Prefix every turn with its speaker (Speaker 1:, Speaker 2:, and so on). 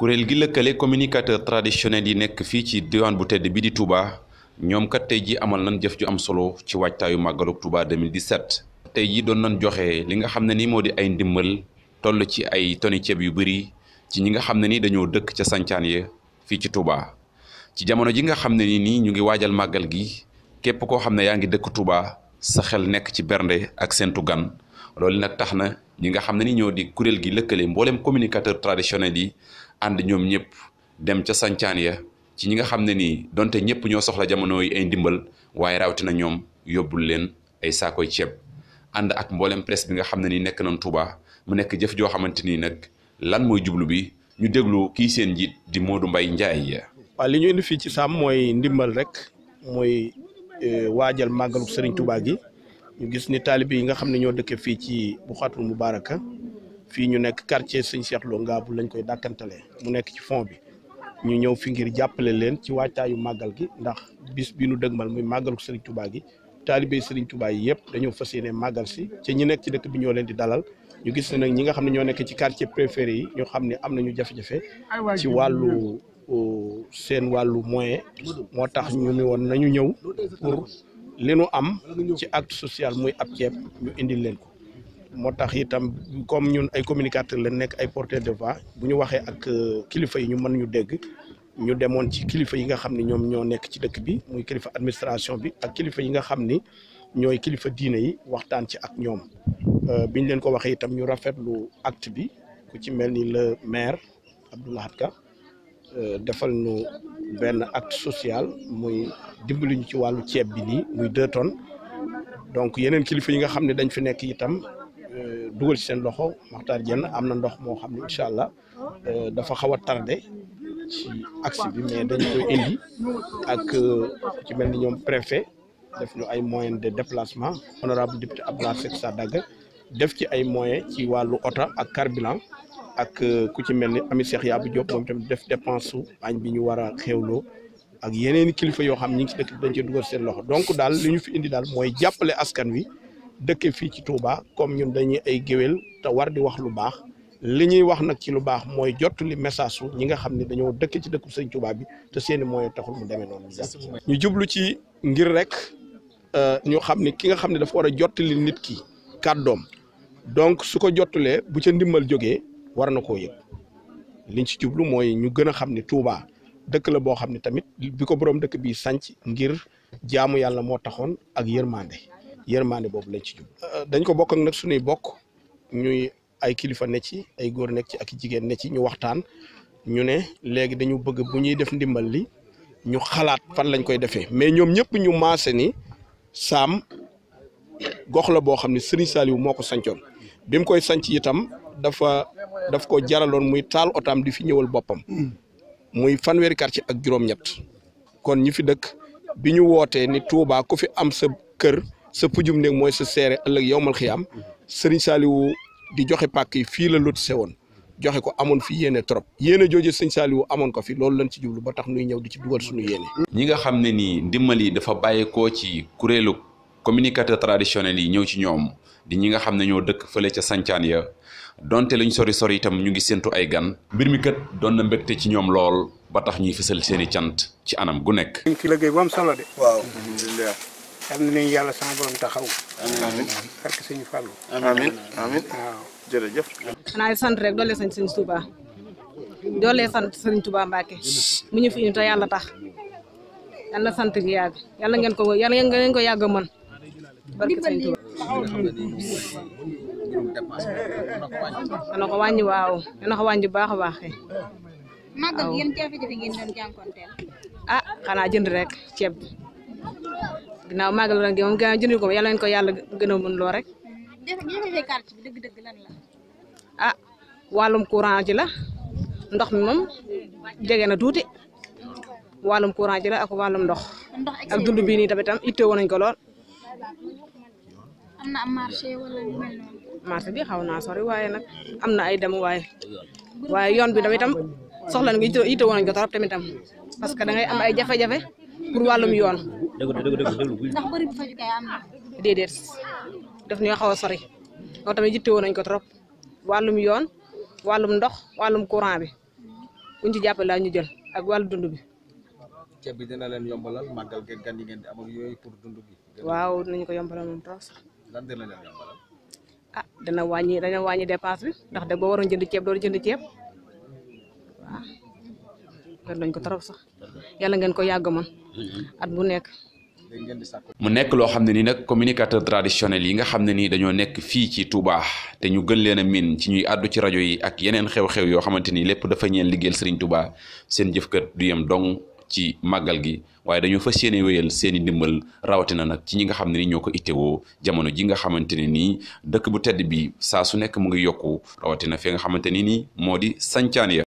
Speaker 1: kuréel gi lëkkale communicateur traditionnel yi nekk fii ci diwaan bu tedd bi di Touba ñoom kat tey ji amal nañ jëf ju am solo ci waajtaayu màggalu Touba 2017. tey ji doon nan joxe li nga xam ne ni moo di ay ndimbal toll ci ay toni ceeb yu bëri ci ñi nga xam ne ni dañoo dëkk ca sancaan ya fii ci Touba ci jamono ji nga xam ne ni ñu ngi waajal màggal gi képp koo xam ne yaa ngi dëkk Touba sa xel nekk ci bernde ak seentu gan loolu nag tax na. ñi nga xam ne ni ñoo di kuréel gi lëkkale mboolem communicateur traditionnel yi ànd ñoom ñëpp dem ca sancaan ya ci ñi nga xam ne nii donte ñëpp ñoo soxla jamono yi ay ndimbal waaye rawatina ñoom yóbbul leen ay saakoy ceeb ànd ak mboolem presse bi nga xam ne nii nekk nañ Touba mu nekk jëf joo xamante ni nag lan mooy jublu bi ñu déglu kii seen njiit di Modou Mbaye Ndiaye.
Speaker 2: waaw li ñu indi fii ci Sam mooy ndimbal rek mooy euh, waajal màggalu Serigne Touba gi. ñu gis ni taalibe yi nga xam ne ñoo dëkkee fii ci bu Boukhatoul Moubaraka fii ñu nekk quartier sëñ Cheikh Lo Ngabou lañ koy dàkkantalee mu nekk ci fond bi ñu ñëw fi ngir jàppale leen ci waajtaayu màggal gi ndax bis bi nu mal muy màggalu Serigne tubaa gi taalibe sëriñ tubaa yi yëpp dañoo fas yéene màggal si ci ñu nekk ci dëkk bi ñoo leen di dalal ñu gis ne nag ñi nga xam ne ñoo nekk ci quartier préféré yi ñu xam ne am nañu jafe-jafe ci wàllu seen wàllu moo tax nañu ñëw li nu am ci acte social muy ab ceeb ñu indil leen ko moo tax itam comme ñun ay communicateur la nekk ay porteur de voix bu ñu waxee ak euh, kilifa yi ñu mën ñu dégg ñu demoon ci kilifa yi nga xam ne ñoom ñoo nekk ci dëkk bi muy kilifa administration bi ak kilifa yi nga xam ni ñooy kilifa diine yi waxtaan ci ak ñoom euh, biñ leen ko waxee itam ñu rafetlu acte bi ku ci mel ni la maire Abdou Ka euh, defal nu benn acte social muy dimbali ci wàllu ceeb bi nii muy deux tonnes donc yeneen kilifa yi nga xam ne dañ fi nekk itam euh, dugal ci seen loxo Maxtaar Jenn am na ndox moo xam ne incha allah euh, dafa xaw a tardé ci axe bi mais dañ koy indi ak euh, ci mel ni ñoom préfet def ñu ay moyens de déplacement honorable député Abdoulaye Seck Sadaga def ci ay moyen ci wàllu oto ak carburant ak euh, ku ci mel ni Ami Cheikh Yabou Diop moom tamit def dépense su añ bi ñu war a loo ak yeneen kilifa yoo xam ñi ngi ci dëkk dañ cee dugal seen loxo donc daal li ñu fi indi daal mooy jàppale askan wi dëkke fii ci Touba comme ñun dañuy ay géwel te war di wax lu baax li ñuy wax nag ci lu baax mooy jot li message su ñi nga xam ne dañoo dëkk ci dëkku sëñ Touba bi te seeni moyen taxul mu demee noonu. ñu jublu ci ngir rek euh, ñu xam ne ki nga xam ne dafa war a jottali nit ki kàddoom donc su ko jottalee war na koo yëg liñ ci jublu mooy ñu gën a xam ne Touba dëkk la boo xam ne tamit bi ko borom dëkk bi sañc ngir jaamu yàlla moo taxoon ak yërmande yërmande boobu lañ ci jublu. Euh, dañ ko bokk nag suñuy bokk ñuy ay kilifa ne ci ay góor nekk ci ak jigéen ne ci ñu waxtaan ñu ne léegi dañu bëgg bu ñuy def ndimbal li ñu xalaat fan lañ koy defee mais ñoom ñëpp ñu maase ni saam gox la boo xam ne Serigne Saliou moo ko sancoon bi koy sanc itam dafa. daf ko jaraloon muy taal otaam di fi ñëwal boppam muy fanweeri quartier ak juróom-ñett kon ñi fi dëkk bi ñu wootee ni Touba ku fi am sa kër sa pujum néeg mooy sa seere ëllëg yowmal am Serigne Saliou di joxe pàkk yi fii la lotissé woon joxe ko amoon fi yéene trop yéene jooju Serigne Saliou amoon ko fi loolu lañ ci jublu ba tax nuy ñëw di ci dugal suñu yéene.
Speaker 1: ñi nga xam ne nii ndimbal yi dafa bàyyeekoo ci kuréelu communicateur traditionnel yi ñëw ci ñoom di ñi nga xam ne ñoo dëkk fële ca sancaan ya donte luñ sori sori itam ñu ngi séntu ay gan mbir mi kat doon na mbégte ci ñoom lool ba tax ñuy fësal seeni cant ci anam gu nekk.
Speaker 2: ñu ngi ci liggéey solo de. waaw alhamdulilah. yàlla sama borom taxaw. amiin barke Sëñ Fallou. amiin amiin waaw jërëjëf.
Speaker 3: xanaa sant rek doole sant Sëñ Touba doole sant Sëñ Touba Mbacke mu ñu fi ñu te yàlla tax yàlla sant gi yàgg yàlla ngeen ko yàlla ngeen ko yàgg mën. barke sëñ ko wàññi waaw dana ko wàññi bu baax a baax kay ah xanaa jënd rek ceeb bi ginnaaw màggal ren gi moom gën jënd ko yàlla nañu ko yàlla gën a loo rek jafe ah wàllum courant ji la ndox mi moom jege na tuuti wàllum courant ji la ak wàllum ndox ak dund bii nii tamit tam ittoo woon nañ ko lool am na am marché wala lu mel noonu. marché bi xaw sori waaye nag am na ay dem waaye waaye yoon bi itam soxla nga yitte woon nañ ko trop tam parce que da ngay am ay jafe-jafe pour wàllum yoon. dëgg dëgg dëgg ndax bëri bu fajukaay am na. déedéet daf ñoo xaw sori loolu tamit yitte woon nañ ko trop yoon wàllum ndox wàllum courant bi buñ ci jàppale laa ñu jël ak wàllu dund bi.
Speaker 2: ceeb bi dina leen yombalal màggal gan yi ngeen di am ak pour bi. waaw
Speaker 3: ko yombalal trop sax. lan dina leen ah dana wàññi dana wàññi dépense bi ndax da boo waroon jënd ceeb doo jënd ceeb waaw. gën ko trop sax yàlla ngeen ko yàgg man at bu nekk.
Speaker 1: mu nekk loo xam ne nii nag communicateur traditionnel yi nga xam ne nii dañoo nekk fii ci tubaa te ñu gën leen a miin ci ñuy àddu ci rajo yi ak yeneen xew-xew yoo xamante ni lépp dafa ñeen liggéeyal Serigne tubaa seen jëfkër kër du yem dong. ci màggal gi waaye dañoo fas yéene seeni seen i ndimbal rawatina nag ci ñi nga xam ne ni ñoo ko woo jamono ji nga xamante ne nii dëkk bu tedd bi saa su nekk mu ngi yokku rawatina fi nga xamante ni nii moo di sancaane